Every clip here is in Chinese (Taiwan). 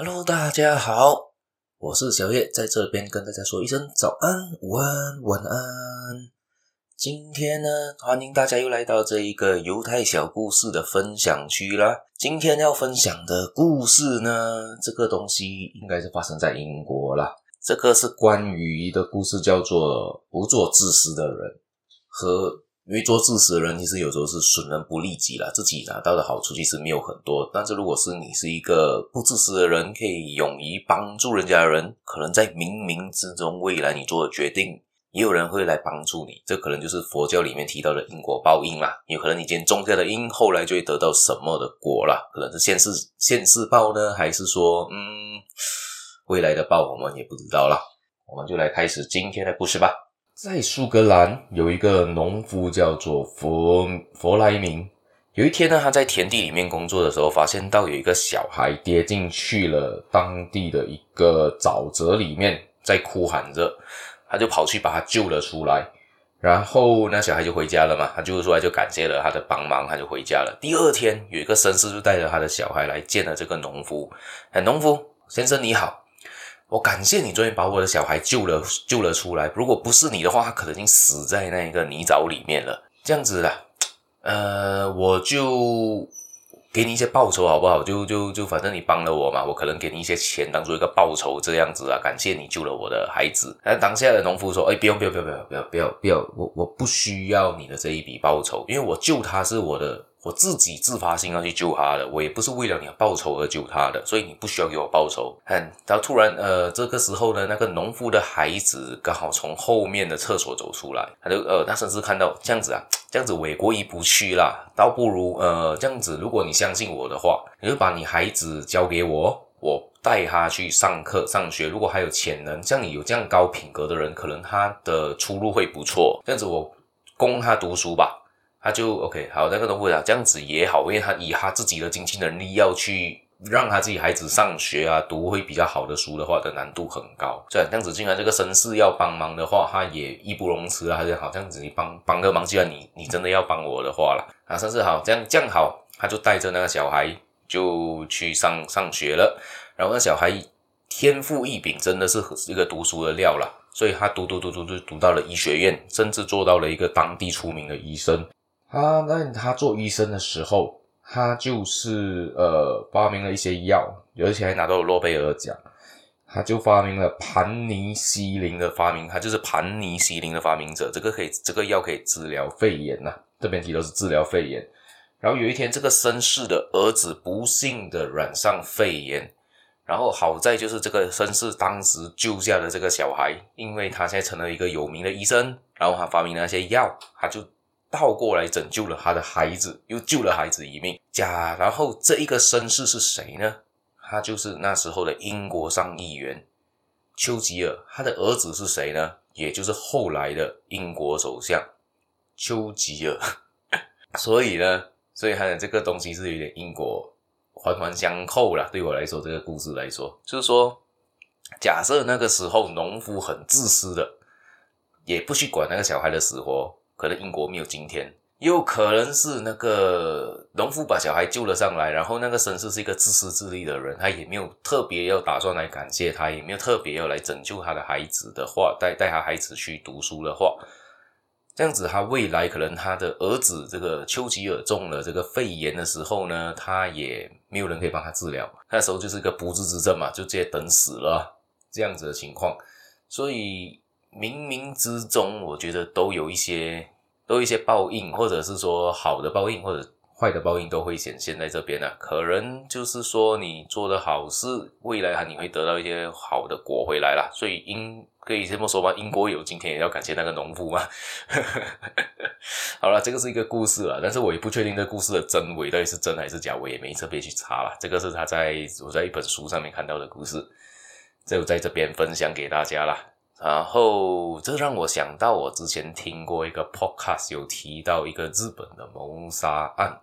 Hello，大家好，我是小葉，在這邊跟大家說一聲早安、午安、晚安。今天呢，歡迎大家又來到這一個猶太小故事的分享區啦。今天要分享的故事呢，這個東西應該是發生在英國啦。這個是關於一個故事，叫做“不做自私的人”和。因為做自私的人，其實有時候是損人不利己啦，自己拿到的好處其實沒有很多。但是如果是你是一個不自私的人，可以勇於幫助人家的人，可能在冥冥之中，未來你做的決定，也有人會來幫助你。這可能就是佛教裡面提到的因果報應啦。有可能你今天種下的因，後來就會得到什麼的果啦，可能是現世現世報呢，還是說，嗯，未來的報我們也不知道啦，我們就來開始今天的故事吧。在蘇格蘭有一個農夫叫做弗弗萊明。有一天呢，他在田地裡面工作的時候，發現到有一個小孩跌進去了當地的一個沼澤裡面，在哭喊着。他就跑去把他救了出來。然後那小孩就回家了嘛，他救出來就感謝了他的幫忙，他就回家了。第二天，有一個紳士就帶着他的小孩來見了這個農夫。哎、啊，農夫先生你好。我感謝你，終於把我的小孩救了救了出來。如果不是你的話，他可能已經死在那個泥沼裡面了。這樣子啊，呃，我就給你一些報酬，好不好？就就就，就反正你幫了我嘛，我可能給你一些錢，當做一個報酬。這樣子啊，感謝你救了我的孩子。那當下的農夫說：“哎、欸，不用，不用，不用，不用，不用，不用，我我不需要你的這一筆報酬，因為我救他是我的。”我自己自發性要去救他的，我也不是為了你的報酬而救他的，所以你不需要給我報酬。然後突然呃，這個時候呢，那個農夫的孩子剛好從後面的廁所走出來，他就呃，他甚至看到這樣子啊，這樣子我也過意不去啦，倒不如呃，這樣子，如果你相信我的話，你就把你孩子交給我，我帶他去上課上學。如果還有潛能，像你有這樣高品格的人，可能他的出路會不錯。這樣子，我供他讀書吧。他就 OK 好，那個東西啊，這樣子也好，因為他以他自己的經濟能力要去讓他自己孩子上學啊，讀會比較好的書的話，的難度很高。這樣，這樣子既然這個紳士要幫忙的話，他也義不容辭啊。他就好，這樣子你幫幫個忙，既然你你真的要幫我的話了，啊，紳士好，這樣這樣好，他就帶着那個小孩就去上上學了。然後那小孩天賦異稟，真的是一個讀書的料了，所以他讀讀讀讀就讀到了醫學院，甚至做到了一個當地出名的醫生。他，那他做醫生的時候，他就是呃發明了一些藥，而且還拿到了諾貝爾獎。他就發明了盤尼西林的發明，他就是盤尼西林的發明者。這個可以，這個藥可以治療肺炎吶、啊。這邊提都到是治療肺炎。然後有一天，這個紳士的兒子不幸的染上肺炎，然後好在就是這個紳士當時救下了這個小孩，因為他現在成了一個有名的醫生，然後他發明了一些藥，他就。倒過來拯救了他的孩子，又救了孩子一命。假，然後這一個紳士是誰呢？他就是那時候的英國上議員丘吉爾，他的兒子是誰呢？也就是後來的英國首相丘吉爾。 所以呢，所以他的這個東西是有點因果環環相扣了。對我來說，這個故事來說，就是說，假設那個時候農夫很自私的，也不去管那個小孩的死活。可能英國沒有今天，也有可能是那個農夫把小孩救了上來，然後那個紳士是一個自私自利的人，他也沒有特別要打算來感謝他，也沒有特別要來拯救他的孩子的話，帶帶他孩子去讀書的話，這樣子他未來可能他的兒子這個丘吉爾中了這個肺炎的時候呢，他也沒有人可以幫他治療，那時候就是一個不治之症嘛，就直接等死了這樣子的情況，所以。冥冥之中，我覺得都有一些，都有一些報應，或者是說好的報應，或者壞的報應都會顯現在這邊啊，可能就是說你做的好事，未來你會得到一些好的果回來了。所以英可以這麼說吧，英國有今天，也要感謝那個農夫嗎？ 好了，這個是一個故事了，但是我也不確定這故事的真偽到底是真還是假，我也沒特別去查了。這個是他在我在一本書上面看到的故事，就在這邊分享給大家了。然後，這讓我想到，我之前聽過一個 podcast，有提到一個日本的謀殺案。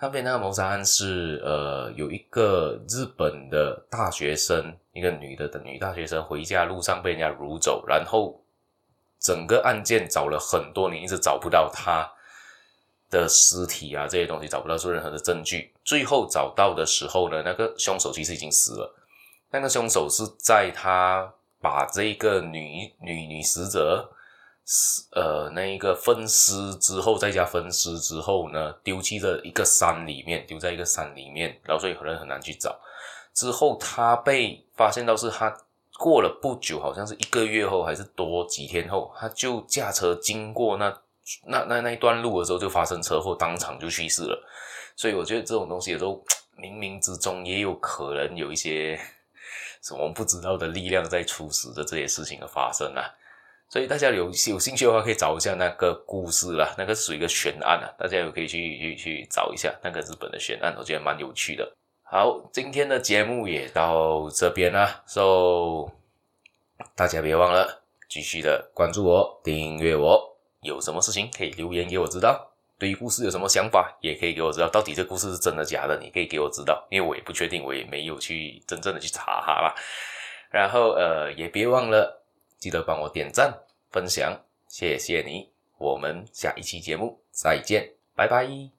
那邊那個謀殺案是，呃，有一個日本的大學生，一個女的，等女大學生回家路上被人家擄走，然後整個案件找了很多年，一直找不到她的屍體啊，這些東西找不到做任何的證據。最後找到的時候呢，那個凶手其實已經死了。那個凶手是在他。把這個女女女死者，呃，那一個分屍之後，再加分屍之後呢，丟棄在一個山裡面，丟在一個山裡面，然後所以可能很難去找。之後他被發現到是，他過了不久，好像是一個月後還是多幾天後，他就駕車經過那那那那一段路的時候，就發生車禍，當場就去世了。所以我覺得這種東西有時候冥冥之中也有可能有一些。什麼不知道的力量在促使着這些事情的發生啊，所以大家有有興趣的話，可以找一下那個故事啦，那個屬於一個懸案啊，大家也可以去去去找一下那個日本的懸案，我覺得蠻有趣的。好，今天的節目也到這邊啦，so 大家別忘了繼續的關注我、訂閱我，有什麼事情可以留言給我知道。對於故事有什麼想法，也可以給我知道。到底這故事是真的假的，你可以給我知道，因為我也不確定，我也沒有去真正的去查哈了。然後呃，也別忘了記得幫我點贊、分享，謝謝你。我們下一期節目再見，拜拜。